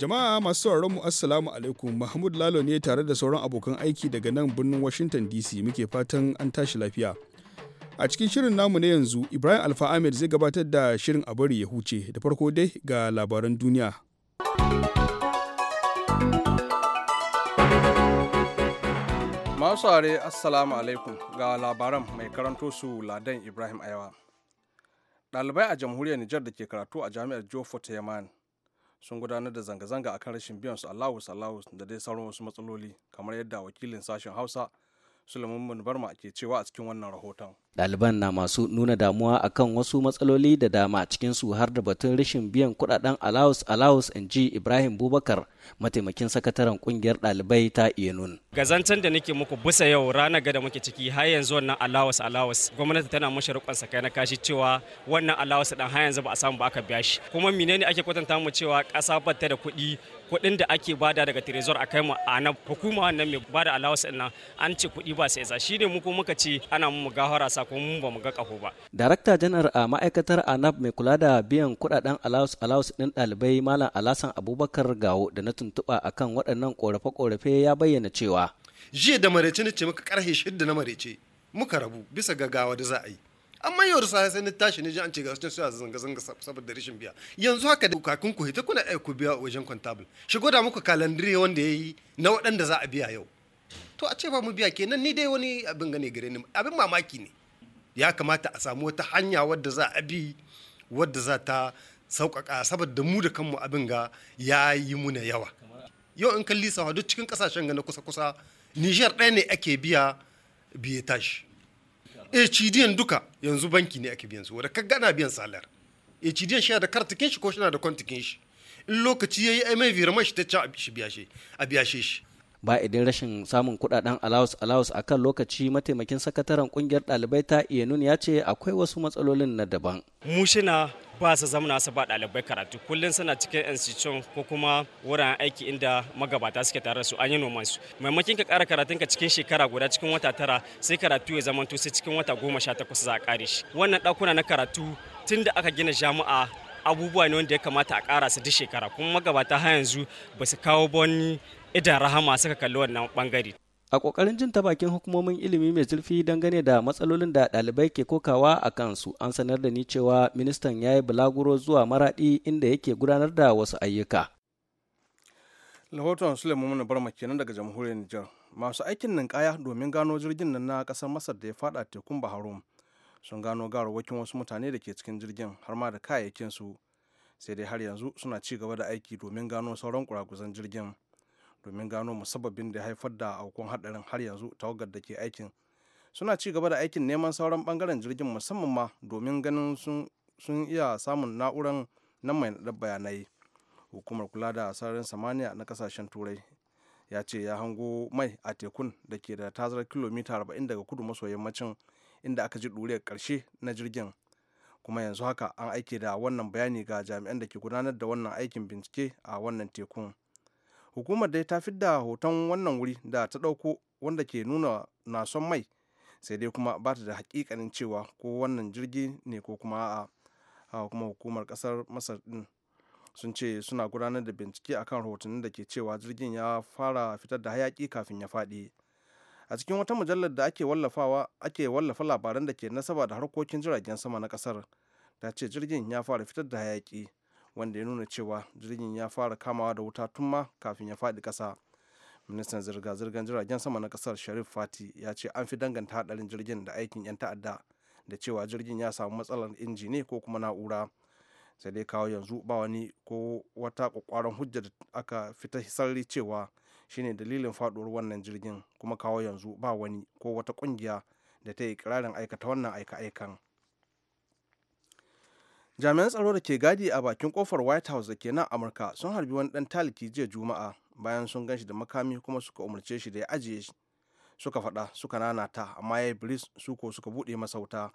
Jama'a masu sauraron mu Assalamu alaikum Mahmud Lalo ne tare da sauran abokan aiki daga nan birnin Washington DC muke fatan an tashi lafiya. A cikin shirin namu na yanzu Ibrahim Alfa Ahmed zai gabatar da shirin a bari ya huce da farko dai ga labaran duniya. Masu are Assalamu alaikum ga labaran mai karanto su Ladan Ibrahim Ayawa. Ɗalibai a jamhuriyar Nijar da ke karatu a jami'ar Jofo ta Yaman sun gudanar da zanga-zanga a kan rashin biyan su alawus alawus da dai sauran wasu matsaloli kamar yadda wakilin sashen hausa Sulaiman Barma ke cewa a cikin wannan rahoton. Ɗaliban na masu nuna damuwa akan wasu matsaloli da dama cikin su har da batun rashin biyan kuɗaɗen Alaus Alaus in ji Ibrahim Bubakar mataimakin sakataren ƙungiyar ɗalibai ta Yenun. Gazantan da nake muku busa yau ranar ga da muke ciki har yanzu wannan Alaus Alaus gwamnati tana mashi rikon sakai na kashi cewa wannan alawas ɗin har yanzu ba a samu ba aka biya shi. Kuma menene ake kwatanta mu cewa ƙasa ba ta da kuɗi kuɗin da ake bada daga trezor a kai mu a na hukuma wannan mai bada allowance ina nan an ce kuɗi ba sai shi ne mu ko muka ce ana mu gahara sakamakon mu ba mu ga kaho ba. Darakta janar a ma'aikatar ANAP mai kula da biyan kuɗaɗen allowance allowance ɗin ɗalibai Malam Alasan Abubakar Gawo da na tuntuba akan waɗannan korafe-korafe ya bayyana cewa. Jiya da marece ne ce muka ƙarhe shidda na marece muka rabu bisa gagawa da za a yi. an yau da safe sai na tashi ne ji an ce ga sun suna zanga zanga saboda rashin biya yanzu haka da kakin ku hita kuna ku biya wajen kwantabul shigo da muku kalandire wanda yi na waɗanda za a biya yau to a ce ba mu biya kenan ni dai wani abin gane gare ni abin mamaki ne ya kamata a samu wata hanya wadda za a bi wadda za ta sauƙaƙa saboda mu da kanmu abin ga ya yi muna yawa yau in kalli sawa duk cikin ƙasashen ga kusa-kusa nijar ɗaya ne ake biya biye tashi HDN duka yanzu banki ne ake biyan su wanda kaga ana biyan salar HDN shi da kartikin shi ko shi da kwantikin shi in lokaci yayi mai virama shi ta ci a biya shi ba idan rashin samun kudaden allowance allowance akan lokaci mataimakin sakataren kungiyar dalibai ta iyanun ya ce akwai wasu matsalolin na daban Mushina ba su zamana su ba dalibai karatu kullum suna cikin institution ko kuma wuraren aiki inda magabata suke tare su an yi noman su maimakon ka kara karatun ka cikin shekara guda cikin wata tara sai karatu ya zamanto sai cikin wata goma sha takwas za a kare shi wannan dakuna na karatu tun da aka gina jami'a abubuwa ne wanda ya kamata a kara su duk shekara kuma magabata har yanzu ba su kawo boni idan rahama suka kalli wannan bangare. A ƙoƙarin jin ta bakin hukumomin ilimi mai zurfi dangane da matsalolin da ɗalibai ke kokawa a kansu an sanar da ni cewa ministan ya yi bulaguro zuwa maraɗi inda yake gudanar da wasu ayyuka. Lahoton Suleiman Barma kenan daga jamhuriyar Nijar. Masu aikin ninkaya domin gano jirgin nan na kasar Masar da ya faɗa tekun Baharum sun gano garwakin wasu mutane da ke cikin jirgin har ma da su Sai dai har yanzu suna ci gaba da aiki domin gano sauran kuraguzan jirgin. domin gano musabbabin da haifar da aukon hadarin har yanzu tawagar da ke aikin suna ci gaba da aikin neman sauran bangaren jirgin musamman ma domin ganin sun iya samun na'uran nan mai naɗar bayanai hukumar kula da sararin samaniya na kasashen turai ya ce ya hango mai a tekun da ke da tazarar kilomita 40 daga kudu maso yammacin inda aka ji ɗuriyar ƙarshe na jirgin kuma yanzu haka an aike da wannan bayani ga jami'an da ke gudanar da wannan aikin bincike a wannan tekun hukumar dai ta fidda hoton wannan wuri da ta ɗauko wanda ke nuna nason mai sai dai kuma ba ta da hakikanin cewa ko wannan jirgi ne ko kuma a kuma hukumar kasar masar din sun ce suna gudanar da bincike akan rahotannin da ke cewa jirgin ya fara fitar da hayaki kafin ya faɗi a cikin wata mujallar da ake wallafawa ake wallafa labaran da ke nasaba da harkokin jiragen sama na kasar ta ce jirgin ya fara fitar da hayaki wanda ya nuna cewa jirgin ya fara kamawa da wuta tun ma kafin ya faɗi ƙasa ministan zirga-zirgar jiragen sama na ƙasar sharif fati ya ce an fi danganta haɗarin jirgin da aikin 'yan ta'adda da cewa jirgin ya samu matsalar inji ne ko kuma na'ura sai dai kawo yanzu ba wani ko wata kwakwaron hujjar da aka fita sarri cewa shine dalilin faɗuwar wannan jirgin kuma kawo yanzu ba wani ko wata ƙungiya da ta yi kirarin aikata wannan aika-aikan jami'an tsaro da ke gadi a bakin kofar white house da ke nan amurka sun harbi wani dan taliki jiya juma'a bayan sun ganshi da makami kuma suka umarce shi da ya ajiye shi suka faɗa suka nanata amma ya yi su ko suka buɗe masa wuta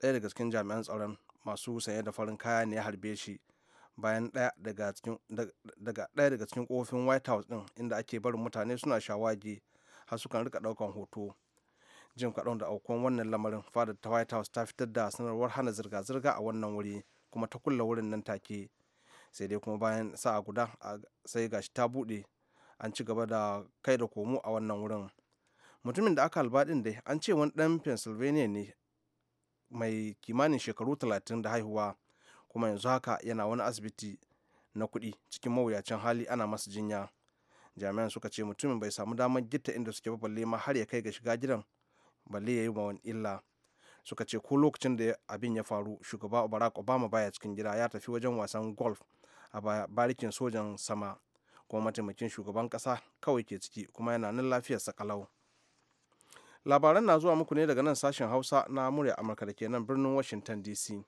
daya daga cikin jami'an tsaron masu sanye da farin kaya ne ya harbe shi bayan daya daga cikin kofin white house din inda ake barin mutane suna shawagi har sukan rika daukan hoto jin kaɗan da aukuwan wannan lamarin fadar ta white house ta fitar da sanarwar hana zirga-zirga a wannan wuri kuma ta kulla wurin nan take sai dai kuma bayan sa'a guda sai gashi ta bude an ci gaba da kai da komo a wannan wurin mutumin da aka albaɗin dai an ce wani ɗan pennsylvania ne mai kimanin shekaru 30 da haihuwa kuma yanzu haka yana wani asibiti na kuɗi cikin mawuyacin hali ana masa jinya jami'an suka ce mutumin bai samu damar gitta inda suke balle ma har ya kai ga shiga gidan balle ya yi ma wani illa suka ce ko lokacin da abin ya faru shugaba barack obama baya cikin gida ya tafi wajen wasan golf a barikin sojan sama kuma mataimakin shugaban kasa kawai ke ciki kuma yana nan lafiyarsa kalau labaran na zuwa muku ne daga nan sashen hausa na murya amurka da ke nan birnin washington dc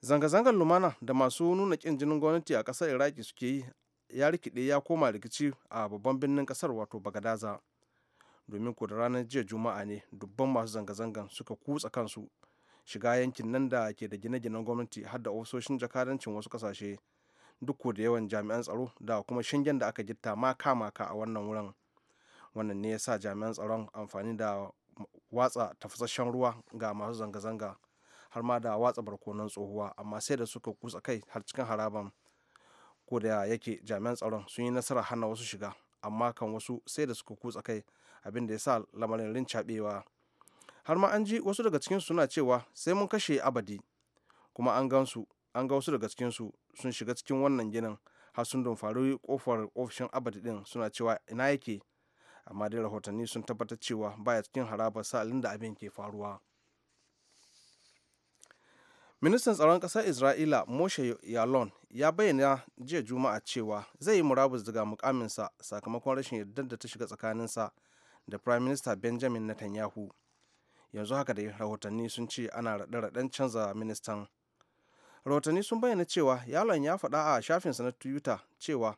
zanga-zangar lumana da masu nuna kin jinin gwamnati a kasar iraki suke yi ya rikide ya koma rikici a babban birnin kasar wato bagadaza domin ko da ranar jiya juma'a ne dubban masu zanga-zangan suka kutsa kansu shiga yankin nan da ke da gine-ginen gwamnati har da ofisoshin jakadancin wasu kasashe duk da yawan jami'an tsaro da kuma shingen da aka gitta maka maka a wannan wurin wannan ne ya sa jami'an tsaron amfani da watsa tafasasshen ruwa ga masu zanga-zanga har ma da watsa barkonon tsohuwa amma sai da suka kutsa kai har cikin haraban ko da yake jami'an tsaron sun yi nasara hana wasu shiga amma kan wasu sai da suka kutsa kai abin da ya sa lamarin rincabewa har ma an ji wasu daga cikin suna cewa sai mun kashe abadi kuma an gansu an ga wasu daga cikinsu sun shiga cikin wannan ginin har sun dumfari kofar ofishin abadi din suna cewa ina yake amma dai rahotanni sun tabbatar cewa baya cikin harabar sa'alin da abin ke faruwa ministan tsaron ƙasar isra'ila moshe yalon ya bayyana jiya juma'a cewa zai yi murabus daga mukaminsa sakamakon rashin yardar da ta shiga tsakaninsa da prime minister benjamin netanyahu yanzu haka da rahotanni sun ce ana raɗe-raɗen canza ministan rahotanni sun bayyana cewa yalon ya faɗa a shafinsa na twitter cewa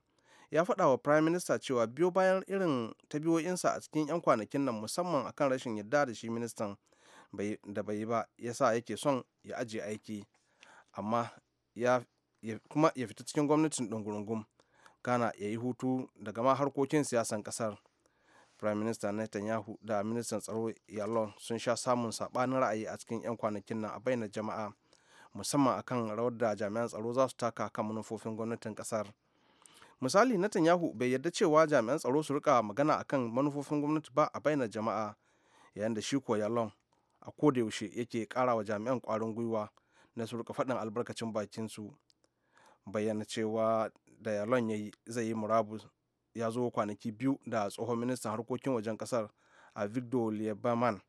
ya faɗa wa prime minister cewa biyo bayan irin tabiyoyinsa a cikin 'yan kwanakin nan musamman akan rashin yarda da shi ministan da bai ba ya sa yake son ya ajiye aiki amma ya kuma ya fita cikin gwamnatin ɗungurungun gana ya yi hutu daga ma harkokin siyasan ƙasar prime minister netanyahu da ministan tsaro yalon sun sha samun sabanin ra'ayi a cikin 'yan kwanakin nan a bayyana jama'a musamman akan rawar da jami'an tsaro za su taka kan manufofin gwamnatin kasar misali netanyahu bai yarda cewa jami'an tsaro su rika magana akan manufofin gwamnati ba a bayyana jama'a yayin da shi ko yalon a kodayaushe yake kara wa jami'an kwarin gwiwa na su rika faɗin albarkacin bakinsu bayyana cewa da yalon zai yi murabu. ya zo kwanaki biyu da tsohon ministan harkokin wajen kasar a victor lieberman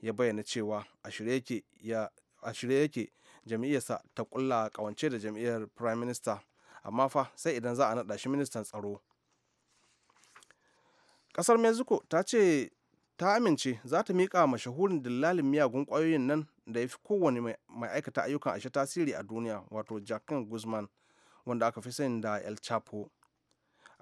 ya bayyana cewa a shirye yake jam'iyyarsa ta kulla kawance da jam'iyyar prime minister amma fa sai idan za a naɗa shi ministan tsaro kasar mexico ta ce ta amince za ta miƙa mashahurin dillalin miyagun ƙwayoyin nan da ya fi kowane mai aikata ayyukan ashe tasiri a duniya wato jacqueline guzman wanda aka fi sani da el chapo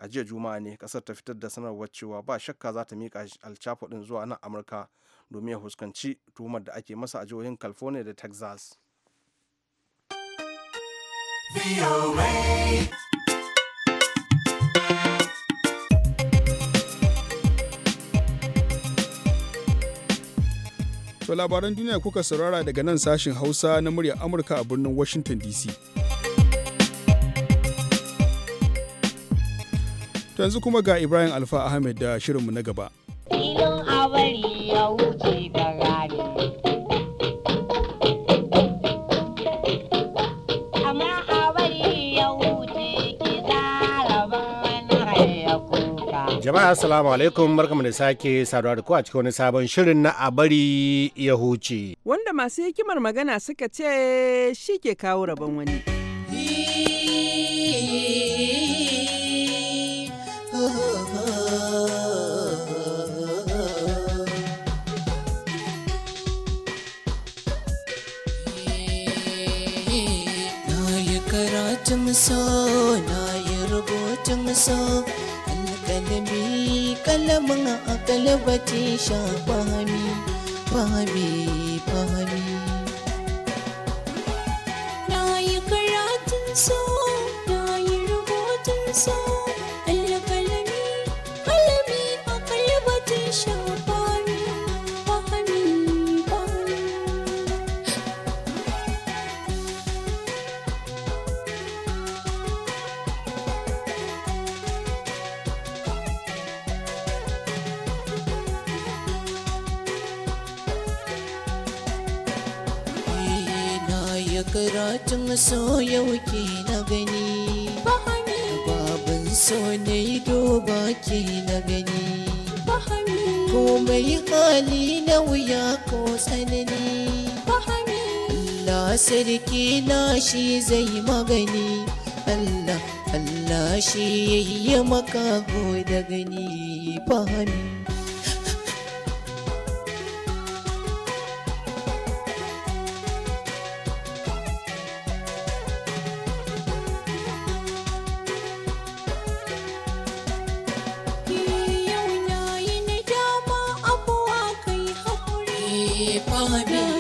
a jiya juma'a ne kasar ta fitar da sanarwar cewa ba shakka za ta miƙa alchapo din zuwa nan amurka domin ya huskanci tuhumar da ake masa a jihohin california da texas To labaran duniya kuka saurara daga nan sashin Hausa na muryar Amurka a birnin Washington DC. yanzu kuma ga Ibrahim Alfa Ahmed da shirinmu na gaba. abari ya jama'a assalamu alaikum barkamu da sake saduwa da ku a cikin wani sabon shirin na a bari ya huce wanda masu hikimar magana suka ce shi ke kawo rabon wani so na yi rubutun so alƙalami kalamin a kalabati sha fahami fahami fahami na yi karatun so na yi rubutun so maso yau ke na gani babin so ne ba ke na gani komai hali na wuya ko tsanani Allah sarki na shi zai magani Allah Allah shi ya maka da gani fahimi all I've been.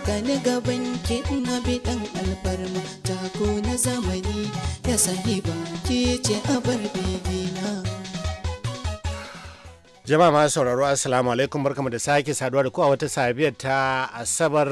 haka ni gaban bi bi dan alfarma tako na zamani ya sahiba ki ce abar bibina Jama'a masu sauraro Assalamu alaikum barkamu da sake saduwa da ku a wata sabiyar ta Asabar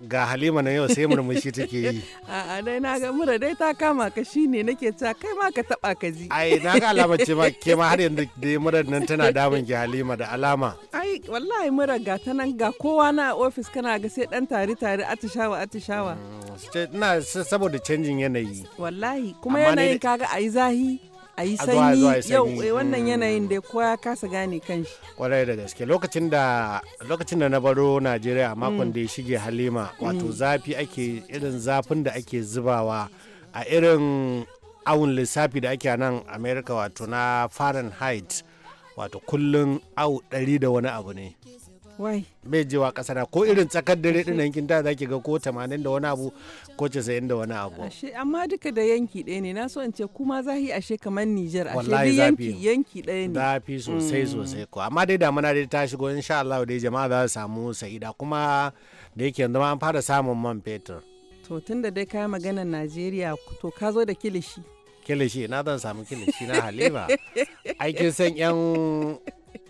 ga Halima na yau sai murmushi take yi. A'a dai na ga mura dai ta kama ka shine nake ta kai ma ka taba ka ji. Ai na ga alama ce ma ke ma har yanzu dai mura nan tana damun ki Halima da alama. Ai wallahi mura ga ta nan ga kowa na ofis kana ga sai dan tare tare atishawa atishawa. Mm, ina saboda canjin yanayi. Wallahi kuma yanayin kaga ayi zahi. a yi sanyi yau wannan mm. yanayin da kowa ya kasa gane kanshi kwarai da gaske lokacin da na baro najeriya makon mm. da ya shige halima mm. wato zafi ake irin zafin da ake zubawa a irin awun lissafi da ake nan Amerika wato na fahrenheit wato kullum awu ɗari da wani abu ne bai jewa kasara ko irin tsakar dare din yankin da zaki ga ko 80 da wani abu ko 90 da wani abu amma duka da yanki ɗaya ne na so in ce kuma zahi ashe kamar Niger ashe yanki yanki ɗaya ne zafi sosai mm. sosai ko amma dai damuna dai ta shigo insha Allah dai jama'a za su samu sa'ida kuma da yake yanzu ma an fara samun man fetur to tunda dai ka maganar Najeriya to ka zo da kilishi kilishi na zan samu kilishi na halima aikin san yan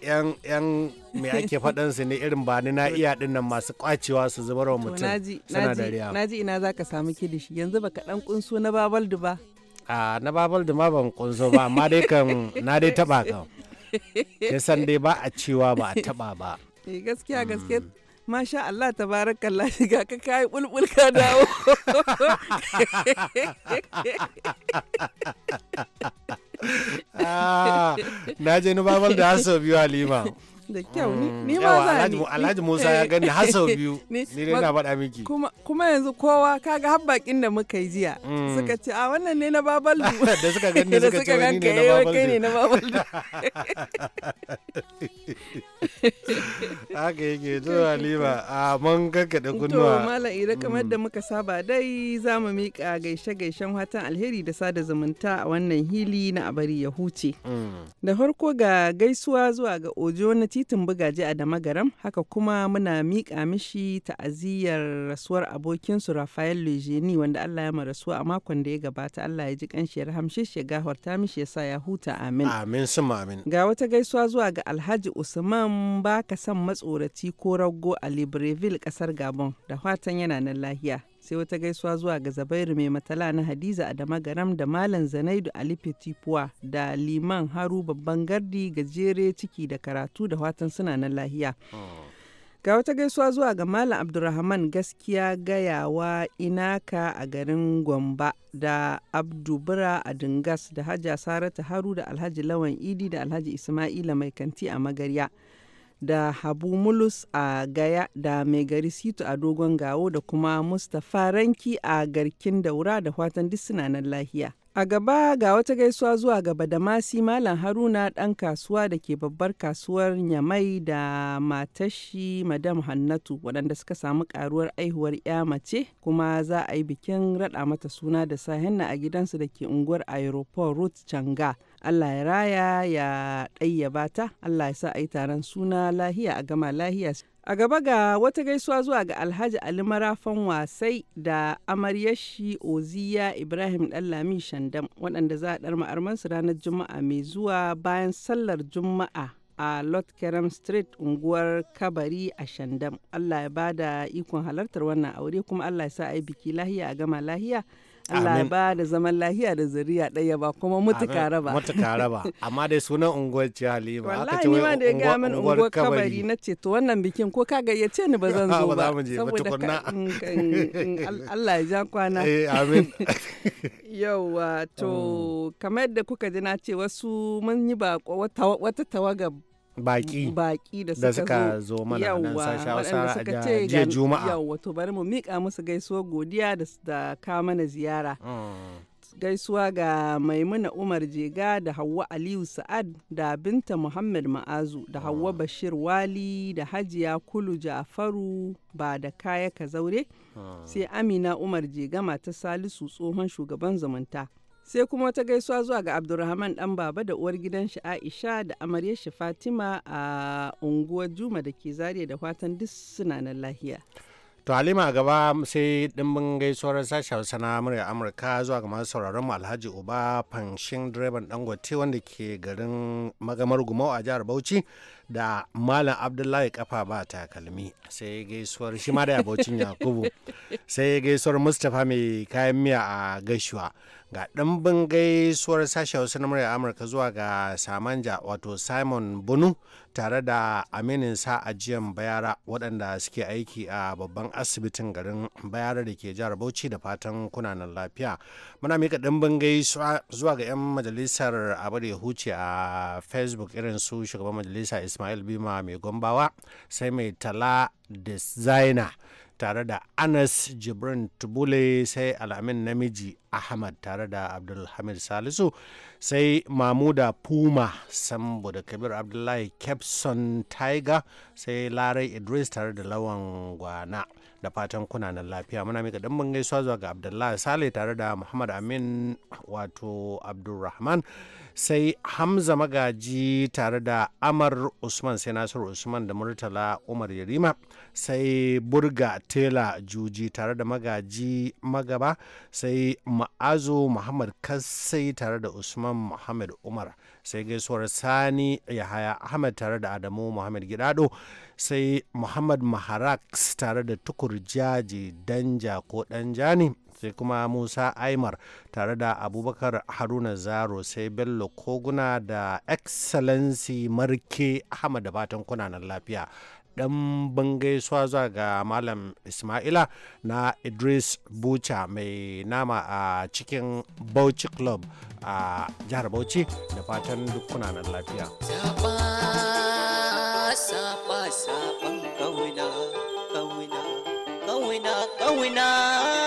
yan yan me ake faɗan su ne irin ba ni na iya din nan masu kwacewa su zubar wa mutum suna dariya naji ina zaka samu kilishi yanzu baka dan kunso na babal ba a na babal ma ban kunso ba amma dai kan na dai taba ka kin san dai ba a cewa ba a taba ba eh, gaskiya gaskiya mm. Masha Allah tabarakallah shiga ka kayi bulbul ka dawo. Ah, na je ni babal da aso biyu Halima. da kyau ni mm. ma za ni alhaji musa ya gani har sau biyu ni dai na faɗa miki kuma yanzu kowa kaga har bakin da muka yi jiya mm. suka ce a wannan ne na du. da suka gani suka ce wani ne na eh, babaldu kai ne na babaldu haka yake to halima a mun da kunnuwa to malam ira kamar mm. da muka saba dai za mu miƙa gaishe gaishen watan alheri da sada zumunta a wannan hili na abari ya huce da farko ga gaisuwa zuwa ga ojo na titin bugaji a damagaram haka kuma muna miƙa mishi ta'aziyar rasuwar abokinsu Rafael Lujeni wanda Allah ya rasuwa a makon da ya gabata Allah ya ji kanshi ya rahamshe shi ya gahorta mishi ya sa ya huta amin. Amin suma amin. Ga wata gaisuwa zuwa ga Alhaji Usman baka son matsoraci ko rago a Libreville kasar Gabon da fatan yana nan lahiya. sai wata gaisuwa zuwa ga zabairu mai matala na hadiza adama garam da malam zanaidu ali fetipuwa da liman haru babban gardi gajere ciki da karatu da watan suna na lahiya ga wata gaisuwa zuwa ga malam abdurrahman gaskiya gayawa inaka a garin gwamba da abdubura a dingas da Haja sarata haru da alhaji lawan idi da alhaji ismaila mai kanti a magarya da habu mulus a gaya da mai gari situ a dogon gawo da kuma mustapha ranki a garkin daura da fatan duk suna nan lahiya a gaba ga wata gaisuwa zuwa gaba da masi malam haruna ɗan kasuwa da ke babbar kasuwar nyamai da matashi madam hannatu waɗanda suka samu karuwar aihuwar ya mace kuma za a yi bikin raɗa mata suna da sahenna a gidansu da ke unguwar aeroport route canga Allah ya raya ya ɗayyaba ta, Allah ya sa a yi taron suna lahiya a gama lahiya. A gaba ga wata gaisuwa zuwa ga Alhaji Ali Marafan Wasai da amaryashi Oziya Ibrahim Ɗanlami Shandam waɗanda za a ɗarma armansu ranar Juma'a mai zuwa bayan sallar Juma'a a Lord Kerem Street unguwar Kabari a Shandam. Allah ya bada ikon halartar wannan aure kuma Allah ya sa a yi biki lahiya a gama lahiya. Allah ba da zaman lahiya da zuriya ɗaya ba kuma mutuka raba. Mutuka raba amma dai sunan unguwar ce Halima. Wallahi ni ma da ya gaya min unguwar kabari na ce to wannan bikin ko ka gayyace ni ba zan zo ba saboda Allah ya ja kwana. Eh amin. Yawwa to mm. kamar yadda kuka ji na ce wasu mun yi ba wata tawagar baki da suka zo mana nan sashi hausa a jiya juma'a yawwa to bari mu mika musu gaisuwa godiya da ka mana ziyara hmm. gaisuwa ga maimuna umar jega da hawa aliyu sa'ad da binta muhammad ma'azu da hawa hmm. bashir wali da hajiya kulu jafaru ba da kaya ka zaure hmm. sai amina umar jega mata salisu tsohon shugaban zumunta sai kuma wata gaisuwa zuwa ga abdulrahman dan baba da uwar gidan shi aisha da amaryar shi fatima a unguwar juma da ke zariya da fatan duk suna nan lahiya to halima a gaba sai dimbin gaisuwar sashi hausa na murya amurka zuwa ga masu sauraron mu alhaji uba fanshin direban dangote wanda ke garin magamar gumau a jihar bauchi da malam abdullahi kafa ba takalmi sai gaisuwar shi ma da yakubu sai gaisuwar mustapha mai kayan miya a gaishuwa ga ɗimbin gaisuwar sashen hausa na murya amurka zuwa ga samanja wato simon bunu tare da aminin sa ajiyan bayara waɗanda suke aiki a babban asibitin garin bayara da ke jihar bauchi da fatan kunanan lafiya muna mika ɗimbin gaisuwa zuwa ga 'yan majalisar abu da huce a facebook irin su shugaban majalisa ismail bima mai gombawa sai mai tala designer tare da anas jibrin tubule sai alamin namiji ahmad tare da abdulhamid salisu sai mamuda puma sambo da kabir abdullahi capson tiger sai larai idris tare da lawan gwana da fatan kuna nan lafiya muna mika dimbin bangai zuwa ga abdullahi sale tare da muhammad amin wato abdulrahman sai hamza magaji tare da amar usman sai nasiru usman da murtala umar yarima sai burga tela juji tare da magaji magaba sai ma'azo muhammad kassai tare da usman muhammad umar sai gaisuwar sani yahaya ahmed tare da adamu muhammad gidado sai muhammad maharax tare da tukur jaji danja ko danjani sai kuma musa aimar tare da abubakar haruna zaro sai bello koguna da excellency marke ahmad da batan kunanan lafiya dan suwa zuwa ga malam ismaila na idris bucha mai nama a cikin bauchi club a jihar bauchi da fatan duk kunanan lafiya Kawina, kawina, kawina, kawina.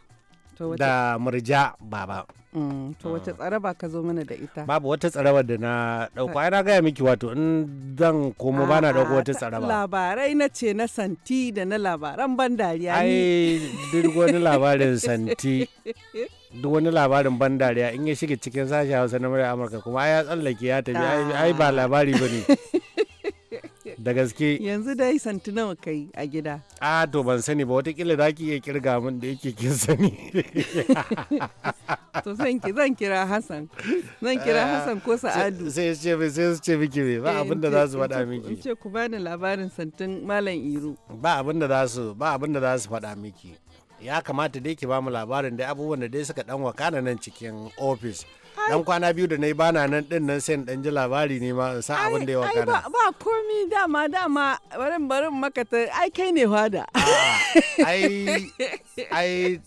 da murja baba mm, to wata mm. tsaraba ka zo mana da ita babu wata tsaraba da na dauko ai na gaya miki wato in zan komo bana dauko wata tsaraba labarai na ce na santi da na labaran ban dariya ai duk wani labarin santi duk wani labarin ban dariya in ya shiga cikin sashen hausa na murya amurka kuma ai ya tsallake ya tafi ai ba labari bane da gaske yanzu dai santi nawa kai a gida a to ban sani ba watakila za ki iya kirga min da yake kin sani to zan zan kira Hassan zan kira Hassan ko Sa'adu sai su ce sai su ce miki ba eh, abin da za su faɗa miki in ce ku bani labarin santin Malam Iro ba abin da za su ba abin da za su faɗa miki ya kamata dai ki ba mu labarin dai abubuwan da dai suka dan wakana nan cikin office dan kwana biyu da na yi bana nan din nan sai dan ji labari ne ma san abin da ya wakana ba komi dama dama barin barin maka ta ai kai ne fada ah, ai ai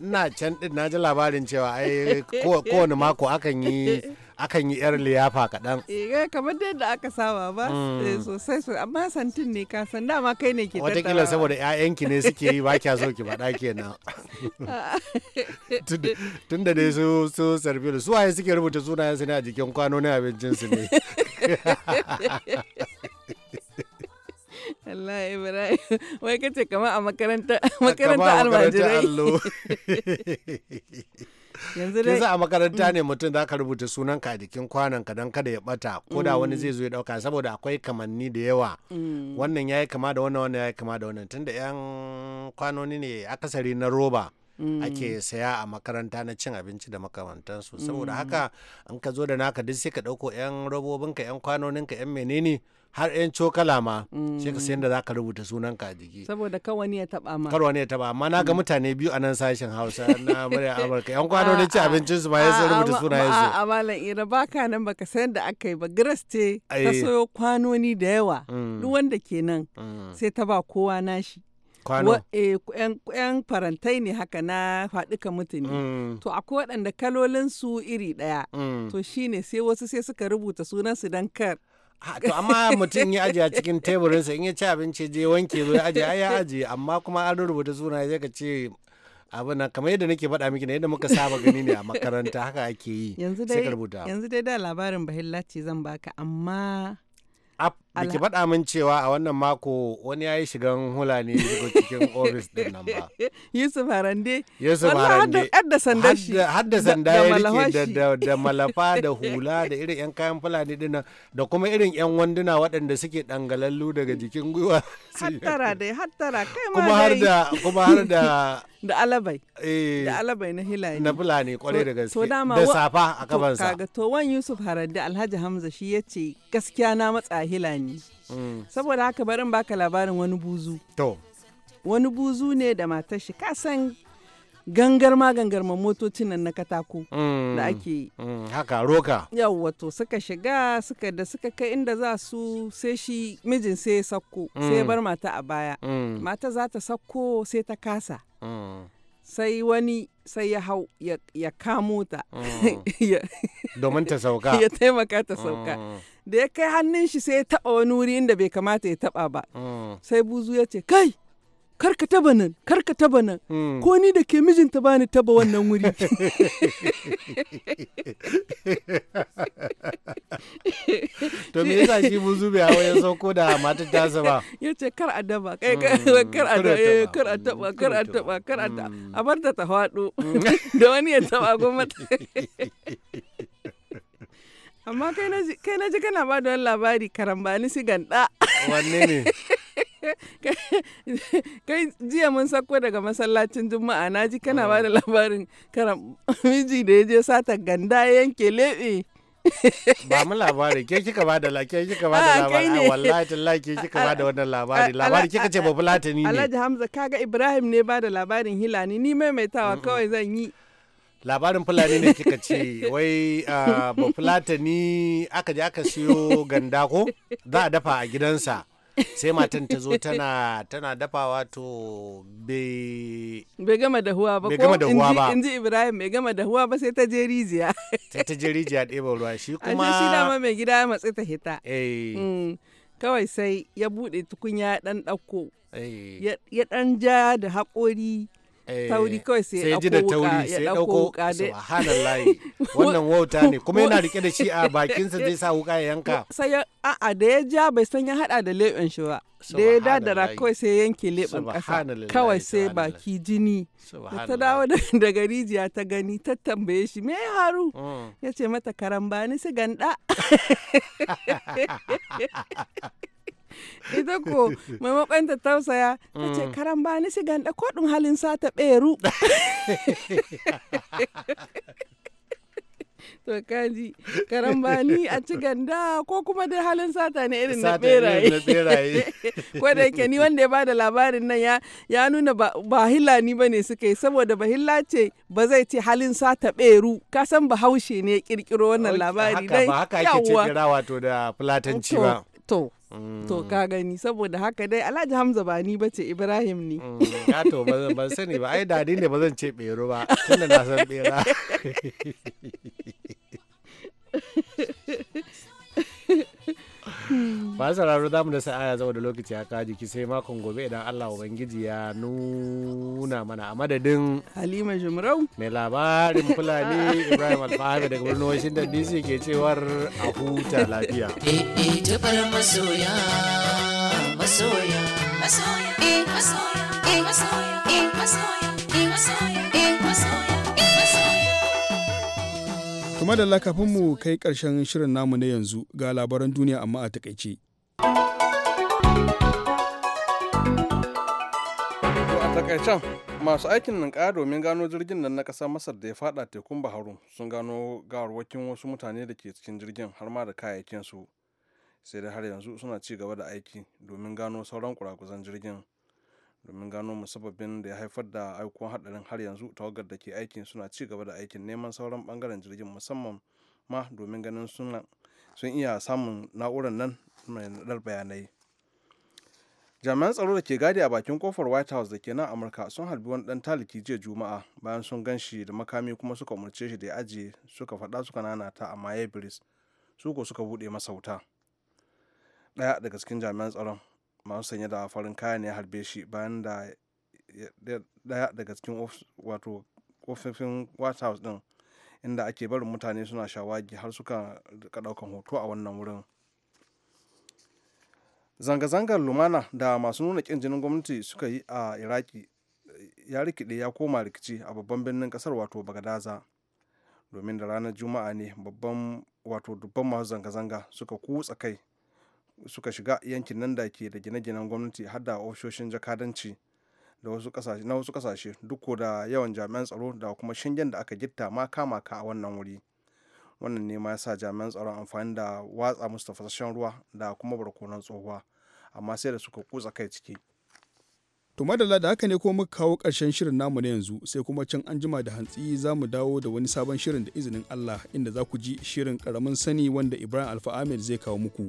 na can din na ji labarin cewa ai kowane mako akan yi akan yi yar liyafa kaɗan. Eh kamar yadda aka saba ba mm. eh, sosai sosai amma santin ne ka san dama kai ne ke tattara. Wataƙila saboda ƴaƴanki ne suke yi ba kya so ki faɗa kenan. Tunda dai su su sarfilu su waye suke rubuta sunayen su ne a jikin kwano kwanonin abincin su ne. Allah Ibrahim wai kace kamar a makaranta makaranta almajirai. yanzu dai a makaranta mm. ne mutum za ka rubuta sunan ka a jikin kwanan ka don kada ya bata ko da wani mm. zai zo ya dauka saboda akwai kamanni da yawa mm. wannan yayi kama da wannan wannan yayi kama da wannan tunda yan kwanoni ne akasari na roba Mm. ake saya a makaranta na cin abinci da makamantansu saboda haka an ka zo da naka duk sai ka ɗauko 'yan robobinka 'yan kwanoninka 'yan menene har 'yan cokala ma mm. sai ka sayan da za ka rubuta sunan ka jiki saboda kan wani ya taba ma Kan wani ya taba amma na ga mm. mutane biyu a nan sashen Hausa na murya Amurka yan kwano da ci abincin su ba ya sun rubuta sunayen su a malam Ira ka nan baka san da aka yi ba Grace ce ta soyo kwanoni da yawa mm. duk wanda ke nan. sai ta ba kowa nashi kwano yan eh, farantai ne haka na faɗuka mutane to akwai waɗanda kalolin su iri ɗaya to shine sai wasu sai suka rubuta sunan su dan kar Ah, to amma mutum ya ajiye a cikin teburinsa in ya ci abinci je wanke zo ya ajiye ya ajiye amma kuma an rubuta suna zai ka ce abin nan kamar yadda nake faɗa miki na yadda muka saba gani ne a makaranta haka ake yi yanzu dai yanzu dai da labarin bahillaci zan baka amma miki faɗa min cewa a wannan mako wani ya yi shigan hula ne cikin ofis din nan ba. Yusuf Harande. Yusuf Harande. hadda sanda shi. Har da sanda ya rike da malafa da hula da irin 'yan kayan fulani din nan da kuma irin 'yan wanduna waɗanda suke ɗangalallu daga jikin gwiwa. Hattara dai hattara kai ma Kuma har da kuma har da da alabai eh, da alabai na hilani na fulani kwarai da gaske da safa a kabansa. To kaga to wan Yusuf Harande Alhaji Hamza shi ya ce gaskiya na matsa hilani Mm. saboda haka barin baka labarin wani buzu to wani buzu ne da matar shi kasan gangar ma ma motocin nan na katako mm. da ake yi. Mm. Haka roka. Yawwa to suka shiga suka da suka kai inda za su sai shi mijin sai ya sakko sai ya bar mata a baya. Mata za ta sakko sai ta kasa. Sai wani sai ya hau ya kamo ta mm. domin ta sauka ya taimaka ta sauka mm. da ya kai hannun shi sai ya taba wani wuri inda bai kamata ya taba ba mm. sai buzu ya ce kai kar ka taba nan kar ka taba nan hmm. ko ni da ke mijinta ba ni taba wannan wuri to me yasa shi mun zube a wayan sauko da matar ta ba ce kar a daba kai hmm, kar a kar a taba kar a taba kar a taba hmm. a bar ta ta hado da wani ya taba goma amma kai na ji kana ba da wani labari karambani sigan da wanne ne kai jiya mun sako daga masallacin juma'a na ji kana ah. ba da labarin karam miji da ya je sata ganda yanke lebe ba mu labari ke kika ba da ke kika ba da ah, labari ah, wallahi tallahi ke kika ba da wannan labari labari kika ce babu latini ne Alhaji Hamza kaga Ibrahim ne ba da labarin Hilani ni maimaitawa kawai zan yi labarin fulani ne kika ce wai ba fulani aka je aka siyo ganda ko za a dafa a gidansa sai matan ta zo tana tana dafawa to bai gama da huwa ba bai gama da huwa ba inji Ibrahim bai gama da huwa ba sai ta je rijiya sai ta je rijiya ɗeba ruwa shi kuma a shi dama mai gida ya matsi ta hita eh. mm. kawai sai ya bude tukunya dan ɗauko eh. ya dan ja da haƙori Eh, tauri kawai sai ya ji tauri sai ya dauko layi wannan wauta ne kuma yana rike da shi a bakinsa zai sa wuka ya yanka sai a'a da ya ja bai san ya hada da leɓen shi ba da ya dadara kawai sai yanke leɓen ƙasa kawai sai baki jini da ta dawo daga rijiya ta gani ta tambaye shi me haru mm. ya ce mata karambani su ganda ita ko maimakon ta tausaya ta ce mm. karan ba ni sigan da kodin halin sata beru to kaji ni a ci ganda ko kuma dai halin sata ne irin na beraye ko da yake ni wanda ya ba da labarin nan ya nuna ba hila ni ba ne suka yi saboda ba hila ce ba zai ce halin sata beru ka san bahaushe ne ya kirkiro wannan labari dai ba haka ake ce da fulatanci ba to mm. to ka gani saboda haka dai alhaji hamza ba ni bace ibrahim ne mm, ya to ban sani ba ai dadi ne ba zan ce bero ba tunda na san bera Hmm. masu sauraro za mu da sa'aya zama da lokaci kaji jiki sai makon gobe idan allah ubangiji ya nuna mana a madadin halima jumrau mai labarin fulani ibrahim alfahari daga birnin washington dc ke cewar a huta lafiya masoya masoya masoya masoya masoya masoya masoya kuma da kafin mu kai karshen shirin namu na yanzu ga labaran duniya amma a takaice a takaicen masu aikin ninka domin gano jirgin nan na kasar masar da ya fada tekun baharu sun gano gawarwakin wasu mutane da ke cikin jirgin har ma da kayayyakinsu sai dai har yanzu suna ci gaba da aiki domin gano sauran kurakuzan jirgin domin gano musabbabin da ya haifar da aikuwan hadarin har yanzu tawagar da ke aikin suna ci gaba da aikin neman sauran bangaren jirgin musamman ma domin ganin sun iya samun na'urar nan mai nadar bayanai jami'an tsaro da ke gadi a bakin kofar white house da ke nan amurka sun harbi wani dan taliki jiya juma'a bayan sun gan shi da makami kuma suka umarce shi da ya ajiye suka faɗa suka ta amma ya biris su ko suka buɗe masa wuta daya daga cikin jami'an tsaron masu sanye da farin kaya ne harbe shi bayan da daya daga cikin ofishin white house din inda ake barin mutane suna shawagi har suka kadaukan hoto a wannan wurin zanga-zangar lumana da masu nuna kin jinin gwamnati suka yi a iraki ya rikide ya koma rikici a babban birnin kasar wato bagadaza domin da ranar juma'a ne babban wato dubban masu zanga-zanga suka kutsa kai suka shiga yankin nan da ke da gine-ginen gwamnati har da ofishoshin jakadanci na wasu kasashe duk da yawan jami'an tsaro da kuma shingen da aka gitta maka maka a wannan wuri wannan ne ma ya sa jami'an tsaron amfani da watsa musu tafasashen ruwa da kuma barkonon tsohuwa amma sai da suka kutsa kai ciki To madalla da haka ne ko muka kawo karshen shirin namu na yanzu sai kuma can an jima da hantsi za mu dawo da wani sabon shirin da izinin Allah inda za ku ji shirin ƙaramin sani wanda Ibrahim Alfa Ahmed zai kawo muku.